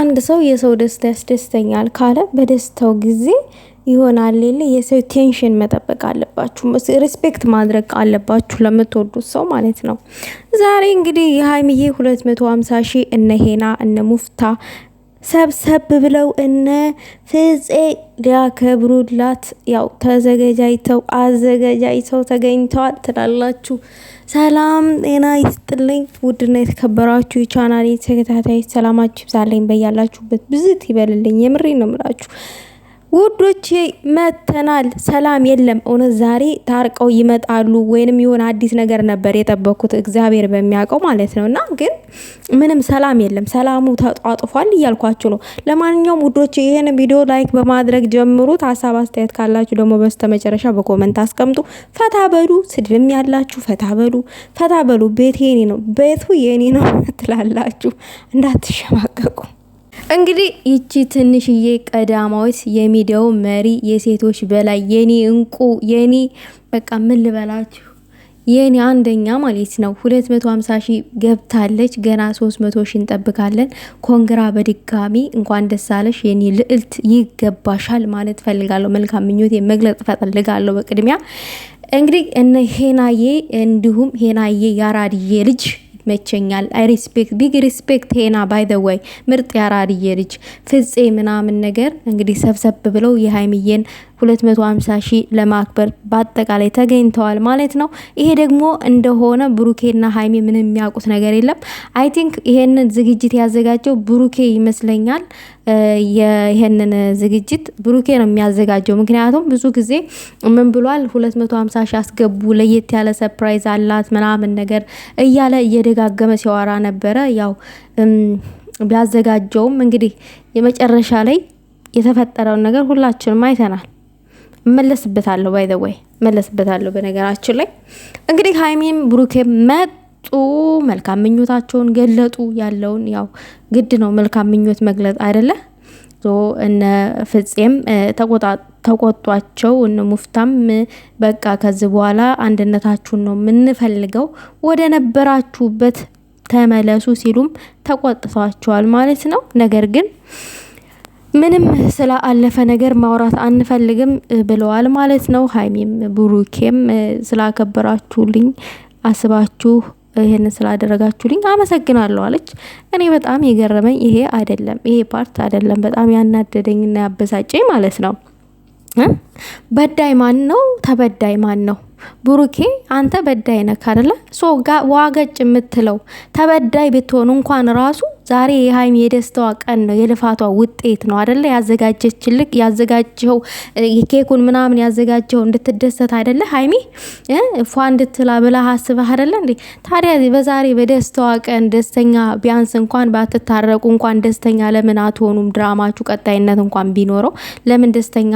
አንድ ሰው የሰው ደስታ ያስደስተኛል ካለ በደስታው ጊዜ ይሆናል ሌለ የሰው ቴንሽን መጠበቅ አለባችሁ፣ ሪስፔክት ማድረግ አለባችሁ ለምትወዱት ሰው ማለት ነው። ዛሬ እንግዲህ የሀይሚዬ ሁለት መቶ ሀምሳ ሺህ እነ ሄና እነ ሙፍታ ሰብሰብ ብለው እነ ፍፄ ሊያከብሩላት ያው ተዘገጃጅተው አዘገጃጅተው ተገኝተዋል ትላላችሁ። ሰላም ጤና ይስጥልኝ። ውድና የተከበራችሁ የቻናሌ ተከታታይ ሰላማችሁ ይብዛልኝ፣ በያላችሁበት ብዝት ይበልልኝ። የምሬ ነው ምላችሁ ውዶቼ መተናል። ሰላም የለም። እውነት ዛሬ ታርቀው ይመጣሉ ወይንም የሆነ አዲስ ነገር ነበር የጠበኩት እግዚአብሔር በሚያውቀው ማለት ነው። እና ግን ምንም ሰላም የለም። ሰላሙ ተጧጥፏል እያልኳችሁ ነው። ለማንኛውም ውዶቼ ይህን ቪዲዮ ላይክ በማድረግ ጀምሩት። ሀሳብ አስተያየት ካላችሁ ደግሞ በስተመጨረሻ በኮመንት አስቀምጡ። ፈታ በሉ። ስድብም ያላችሁ ፈታ በሉ፣ ፈታ በሉ። ቤት የኔ ነው፣ ቤቱ የኔ ነው ትላላችሁ። እንዳትሸማቀቁ እንግዲህ ይቺ ትንሽዬ ቀዳማዊት የሚዲያው መሪ የሴቶች በላይ የኔ እንቁ የኔ በቃ ምን ልበላችሁ የኔ አንደኛ ማለት ነው 250 ሺ ገብታለች። ገና 300 ሺ እንጠብቃለን። ኮንግራ በድጋሚ እንኳን ደስ አለሽ የኔ ልዕልት፣ ይገባሻል ማለት ፈልጋለሁ። መልካም ምኞት መግለጽ ፈልጋለሁ። በቅድሚያ እንግዲህ እነ ሄናዬ እንዲሁም ሄናዬ ያራድዬ ልጅ ይመቸኛል። አይ ሪስፔክት ቢግ ሪስፔክት ሄና ባይ ዘ ወይ ምርጥ ያራድዬ ልጅ ፍጼ ምናምን ነገር እንግዲህ ሰብሰብ ብለው የሀይምዬን 250 ሺህ ለማክበር በአጠቃላይ ተገኝተዋል ማለት ነው። ይሄ ደግሞ እንደሆነ ብሩኬና ሀይሚ ምንም የሚያውቁት ነገር የለም። አይ ቲንክ ይሄንን ዝግጅት ያዘጋጀው ብሩኬ ይመስለኛል። ይሄንን ዝግጅት ብሩኬ ነው የሚያዘጋጀው። ምክንያቱም ብዙ ጊዜ ምን ብሏል 250 ሺህ አስገቡ፣ ለየት ያለ ሰርፕራይዝ አላት ምናምን ነገር እያለ እየደጋገመ ሲያወራ ነበረ። ያው ቢያዘጋጀውም እንግዲህ የመጨረሻ ላይ የተፈጠረውን ነገር ሁላችንም አይተናል። መለስበታለሁ፣ ባይ ዘ ወይ በነገራችን ላይ እንግዲህ ሀይሚም ብሩኬ መጥ መልካም ምኞታቸውን ገለጡ። ያለውን ያው ግድ ነው መልካም ምኞት መግለጽ አይደለ? እነ ፍፄም ተቆጧቸው፣ እነ ሙፍታም በቃ ከዚህ በኋላ አንድነታችሁን ነው የምንፈልገው ወደ ነበራችሁበት ተመለሱ ሲሉም ተቆጥቷቸዋል ማለት ነው። ነገር ግን ምንም ስለ አለፈ ነገር ማውራት አንፈልግም ብለዋል ማለት ነው። ሀይሚም ብሩኬም ስላከበራችሁልኝ አስባችሁ ይሄንን ስላደረጋችሁልኝ አመሰግናለሁ አለች። እኔ በጣም የገረመኝ ይሄ አይደለም፣ ይሄ ፓርት አይደለም፣ በጣም ያናደደኝና ያበሳጨኝ ማለት ነው። በዳይ ማን ነው? ተበዳይ ማን ነው? ብሩኬ አንተ በዳይ ነክ አደለ? ሶ ዋገጭ የምትለው ተበዳይ ብትሆን እንኳን ራሱ ዛሬ የሀይሚ የደስታዋ ቀን ነው፣ የልፋቷ ውጤት ነው አደለ? ያዘጋጀችልክ ያዘጋጀው የኬኩን ምናምን ያዘጋጀው እንድትደሰት አይደለ? ሀይሚ ፏ እንድትላ ብላ አስበህ አደለ እንዴ? ታዲያ በዛሬ በደስታዋ ቀን ደስተኛ ቢያንስ እንኳን ባትታረቁ እንኳን ደስተኛ ለምን አትሆኑም? ድራማችሁ ቀጣይነት እንኳን ቢኖረው ለምን ደስተኛ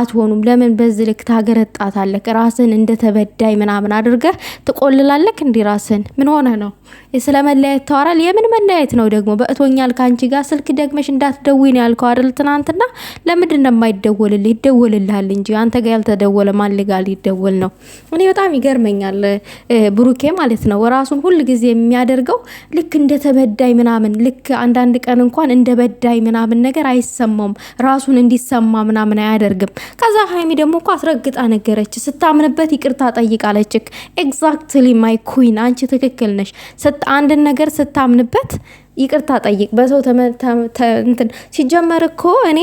አትሆኑም? ለምን በዚህ ልክ ታገረጣታለክ? ራስን እንደተበዳይ ምናምን አድርገህ ትቆልላለክ? እንዲ ራስን ምን ሆነ ነው? ስለመለያየት ተዋራል? የምን መለያየት ነው ደግሞ ደግሞ በእቶኛል ከአንቺ ጋር ስልክ ደግመሽ እንዳትደውይ ነው ያልከው አይደል? ትናንትና ለምንድን ነው የማይደወልልህ? ይደወልልሃል እንጂ አንተ ጋር ያልተደወለ ማን ጋር ሊደወል ነው? እኔ በጣም ይገርመኛል ብሩኬ ማለት ነው ራሱን ሁል ጊዜ የሚያደርገው ልክ እንደ ተበዳይ ምናምን፣ ልክ አንዳንድ ቀን እንኳን እንደ በዳይ ምናምን ነገር አይሰማውም። ራሱን እንዲሰማ ምናምን አያደርግም። ከዛ ሀይሚ ደግሞ እኮ አስረግጣ ነገረች። ስታምንበት ይቅርታ ጠይቃለችክ። ኤግዛክትሊ ማይ ኩዊን አንቺ ትክክል ነሽ። አንድን ነገር ስታምንበት ይቅርታ ጠይቅ። በሰው ሲጀመር እኮ እኔ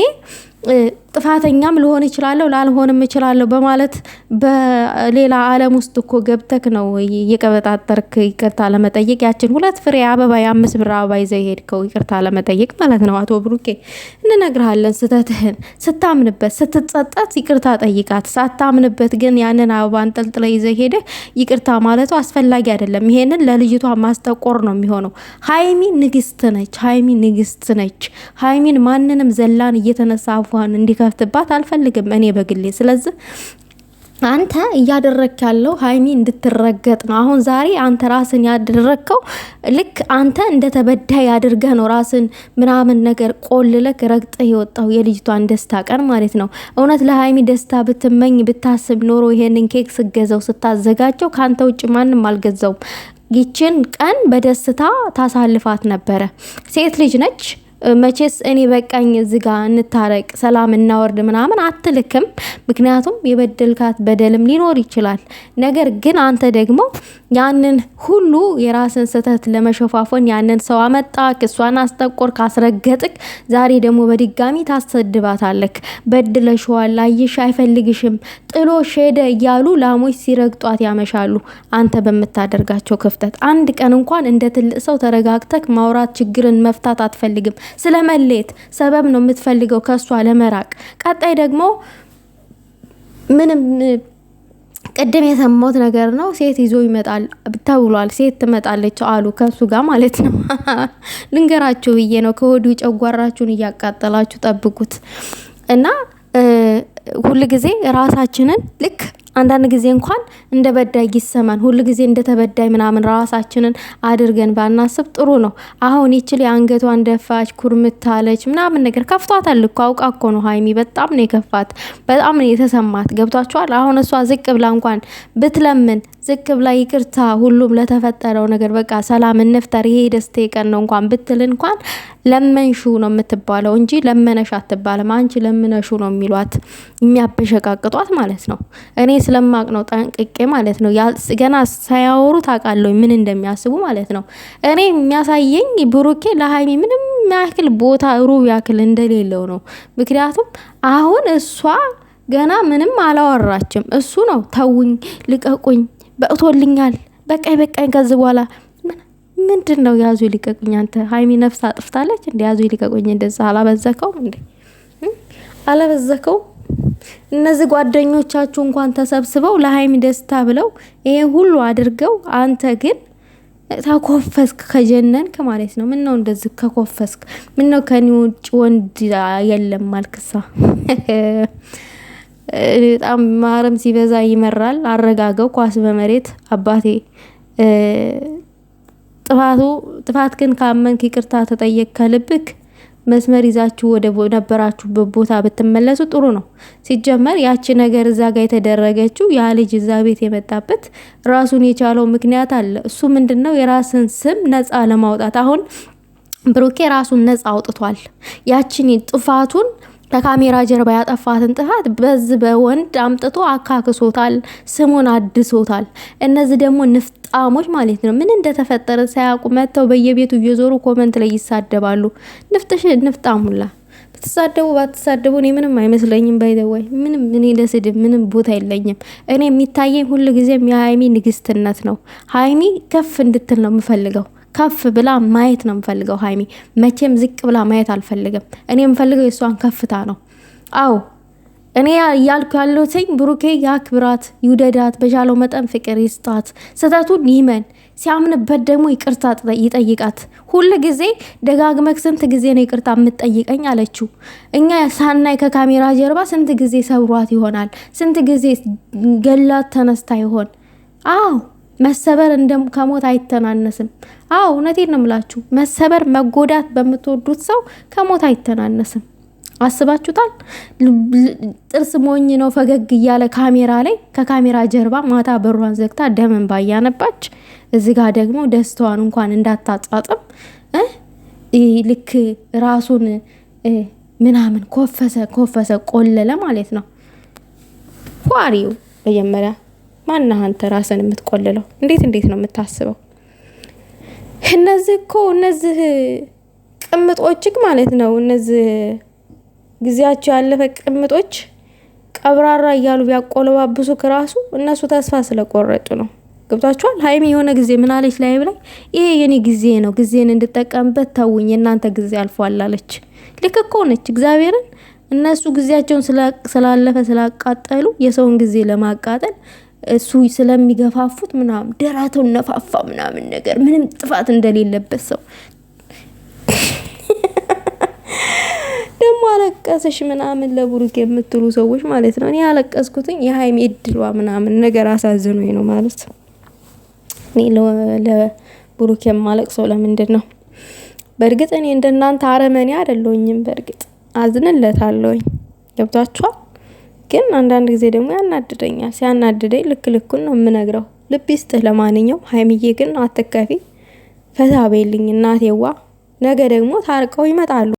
ጥፋተኛም ልሆን እችላለሁ ላልሆንም እችላለሁ በማለት በሌላ ዓለም ውስጥ እኮ ገብተክ ነው እየቀበጣጠርክ ይቅርታ ለመጠየቅ ያችን ሁለት ፍሬ አበባ የአምስት ብር አበባ ይዘህ ሄድከው ይቅርታ ለመጠየቅ ማለት ነው። አቶ ብሩኬ እንነግርሃለን ስህተትህን። ስታምንበት ስትጸጸት ይቅርታ ጠይቃት። ሳታምንበት ግን ያንን አበባ አንጠልጥለ ይዘ ሄደ ይቅርታ ማለቱ አስፈላጊ አይደለም። ይሄንን ለልጅቷ ማስጠቆር ነው የሚሆነው። ሀይሚ ንግስት ነች። ሀይሚ ንግስት ነች። ሀይሚን ማንንም ዘላን እየተነሳ አፏን እንዲ እንዲከፍትባት አልፈልግም እኔ በግሌ ስለዚህ አንተ እያደረክ ያለው ሀይሚ እንድትረገጥ ነው። አሁን ዛሬ አንተ ራስን ያደረግከው ልክ አንተ እንደ ተበዳይ አድርገህ ነው ራስን ምናምን ነገር ቆልለክ ረግጠህ የወጣው የልጅቷን ደስታ ቀን ማለት ነው። እውነት ለሀይሚ ደስታ ብትመኝ ብታስብ ኖሮ ይሄንን ኬክ ስገዘው ስታዘጋጀው ከአንተ ውጭ ማንም አልገዛውም። ይችን ቀን በደስታ ታሳልፋት ነበረ። ሴት ልጅ ነች። መቼስ እኔ በቃኝ እዚህ ጋ እንታረቅ ሰላም እናወርድ ምናምን አትልክም። ምክንያቱም የበደልካት በደልም ሊኖር ይችላል። ነገር ግን አንተ ደግሞ ያንን ሁሉ የራስን ስህተት ለመሸፋፈን ያንን ሰው አመጣ፣ እሷን አስጠቆር፣ አስረገጥክ። ዛሬ ደግሞ በድጋሚ ታሰድባታለክ። በድለሸዋል፣ አየሽ፣ አይፈልግሽም ጥሎ ሄደ እያሉ ላሞች ሲረግጧት ያመሻሉ። አንተ በምታደርጋቸው ክፍተት አንድ ቀን እንኳን እንደ ትልቅ ሰው ተረጋግተክ ማውራት ችግርን መፍታት አትፈልግም። ስለ መሌት ሰበብ ነው የምትፈልገው ከእሷ ለመራቅ። ቀጣይ ደግሞ ምንም ቅድም የሰማሁት ነገር ነው። ሴት ይዞ ይመጣል ተብሏል። ሴት ትመጣለች አሉ ከሱ ጋር ማለት ነው። ልንገራችሁ ብዬ ነው። ከወዲሁ ጨጓራችሁን እያቃጠላችሁ ጠብቁት እና ሁል ጊዜ ራሳችንን ልክ አንዳንድ ጊዜ እንኳን እንደ በዳይ ይሰማን ሁል ጊዜ እንደ ተበዳይ ምናምን ራሳችንን አድርገን ባናስብ ጥሩ ነው። አሁን ይችል የአንገቷን ደፋች ኩርምታለች ምናምን ነገር ከፍቷታል እኮ አውቃ እኮ ነው። ሀይሚ በጣም ነው የከፋት፣ በጣም ነው የተሰማት። ገብቷችኋል? አሁን እሷ ዝቅ ብላ እንኳን ብትለምን ዝቅ ብላ ይቅርታ ሁሉም ለተፈጠረው ነገር በቃ ሰላም እንፍጠር፣ ይሄ ደስቴ ቀን ነው እንኳን ብትል እንኳን ለመንሹ ነው የምትባለው እንጂ ለመነሽ አትባልም። አንቺ ለምነሹ ነው የሚሏት የሚያበሸቃቅጧት ማለት ነው። እኔ ስለማቅ ነው ጠንቅቄ ማለት ነው። ገና ሳያወሩ ታውቃለሁ ምን እንደሚያስቡ ማለት ነው። እኔ የሚያሳየኝ ብሩኬ ለሀይሚ ምንም ያክል ቦታ ሩብ ያክል እንደሌለው ነው። ምክንያቱም አሁን እሷ ገና ምንም አላወራችም። እሱ ነው ተውኝ ልቀቁኝ በእቶልኛል በቃኝ በቃኝ። ከዚ በኋላ ምንድን ነው ያዙ ይልቀቁኝ። አንተ ሀይሚ ነፍስ አጥፍታለች እንዲ ያዙ ይልቀቁኝ። እንደዛ አላበዘከውም እንዴ? አላበዘከው? እነዚህ ጓደኞቻችሁ እንኳን ተሰብስበው ለሀይሚ ደስታ ብለው ይሄ ሁሉ አድርገው፣ አንተ ግን ተኮፈስክ ከጀነንክ ማለት ነው። ነው እንደዚህ ከኮፈስክ? ምነው ከኔ ውጭ ወንድ የለም አልክሳ በጣም ማረም ሲበዛ ይመራል። አረጋገው ኳስ በመሬት አባቴ። ጥፋቱ ጥፋት ግን ካመንክ ይቅርታ ተጠየቅ ከልብክ መስመር ይዛችሁ ወደ ነበራችሁበት ቦታ ብትመለሱ ጥሩ ነው። ሲጀመር ያቺ ነገር እዛ ጋር የተደረገችው ያ ልጅ እዛ ቤት የመጣበት ራሱን የቻለው ምክንያት አለ። እሱ ምንድን ነው? የራስን ስም ነፃ ለማውጣት አሁን ብሩኬ ራሱን ነፃ አውጥቷል። ያችን ጥፋቱን ከካሜራ ጀርባ ያጠፋትን ጥፋት በዝ በወንድ አምጥቶ አካክሶታል፣ ስሙን አድሶታል። እነዚህ ደግሞ ንፍጣሞች ማለት ነው። ምን እንደተፈጠረ ሳያውቁ መጥተው በየቤቱ እየዞሩ ኮመንት ላይ ይሳደባሉ። ንፍጥሽ ንፍጣሙላ ብትሳደቡ ባትሳደቡ እኔ ምንም አይመስለኝም። ባይደዋይ ምንም እኔ ለስድብ ምንም ቦታ የለኝም። እኔ የሚታየኝ ሁሉ ጊዜም የሀይሚ ንግስትነት ነው። ሀይሚ ከፍ እንድትል ነው የምፈልገው። ከፍ ብላ ማየት ነው የምፈልገው። ሀይሚ መቼም ዝቅ ብላ ማየት አልፈልግም። እኔ የምፈልገው የእሷን ከፍታ ነው። አዎ እኔ እያልኩ ያለሁትኝ ብሩኬ ያክብራት፣ ይውደዳት፣ በቻለው መጠን ፍቅር ይስጣት፣ ስህተቱን ይመን ሲያምንበት ደግሞ ይቅርታ ይጠይቃት። ሁል ጊዜ ደጋግመክ ስንት ጊዜ ነው ይቅርታ የምትጠይቀኝ አለችው። እኛ ሳናይ ከካሜራ ጀርባ ስንት ጊዜ ሰብሯት ይሆናል? ስንት ጊዜ ገላት ተነስታ ይሆን? አዎ መሰበር ከሞት አይተናነስም። አዎ እውነቴን ነው የምላችሁ፣ መሰበር መጎዳት በምትወዱት ሰው ከሞት አይተናነስም። አስባችሁታል? ጥርስ ሞኝ ነው ፈገግ እያለ ካሜራ ላይ ከካሜራ ጀርባ ማታ በሯን ዘግታ ደምን ባያነባች እዚ ጋ ደግሞ ደስታዋን እንኳን እንዳታጻጥም ልክ ራሱን ምናምን ኮፈሰ ኮፈሰ ቆለለ ማለት ነው። ኳሪው መጀመሪያ ማናህ አንተ ራስን የምትቆልለው? እንዴት እንዴት ነው የምታስበው? እነዚህ እኮ እነዚህ ቅምጦችግ ማለት ነው እነዚህ ጊዜያቸው ያለፈ ቅምጦች ቀብራራ እያሉ ቢያቆለባብሱ ከራሱ እነሱ ተስፋ ስለቆረጡ ነው። ገብቷችኋል? ሀይሚ የሆነ ጊዜ ምናለች ላይ ብላይ ይሄ የኔ ጊዜ ነው ጊዜን እንድጠቀምበት ተውኝ፣ የእናንተ ጊዜ አልፏል አለች። ልክ እኮ ነች። እግዚአብሔርን እነሱ ጊዜያቸውን ስላለፈ ስላቃጠሉ የሰውን ጊዜ ለማቃጠል እሱ ስለሚገፋፉት ምናምን ደራተውን ነፋፋ ምናምን ነገር ምንም ጥፋት እንደሌለበት ሰው ደግሞ አለቀሰሽ ምናምን ለቡሩክ የምትሉ ሰዎች ማለት ነው። እኔ ያለቀስኩትኝ የሀይሚ እድሏ ምናምን ነገር አሳዝኖኝ ነው ማለት እኔ ለቡሩክ የማለቅ ሰው ለምንድን ነው? በእርግጥ እኔ እንደናንተ አረመኔ አይደለሁኝም። በእርግጥ አዝንለታለሁኝ። ገብቷችኋል። ግን አንዳንድ ጊዜ ደግሞ ያናድደኛል። ሲያናድደኝ ልክ ልኩን ነው የምነግረው። ልብ ይስጥህ። ለማንኛውም ሀይምዬ ግን አትከፊ፣ ፈታ በይልኝ እናቴዋ። ነገ ደግሞ ታርቀው ይመጣሉ።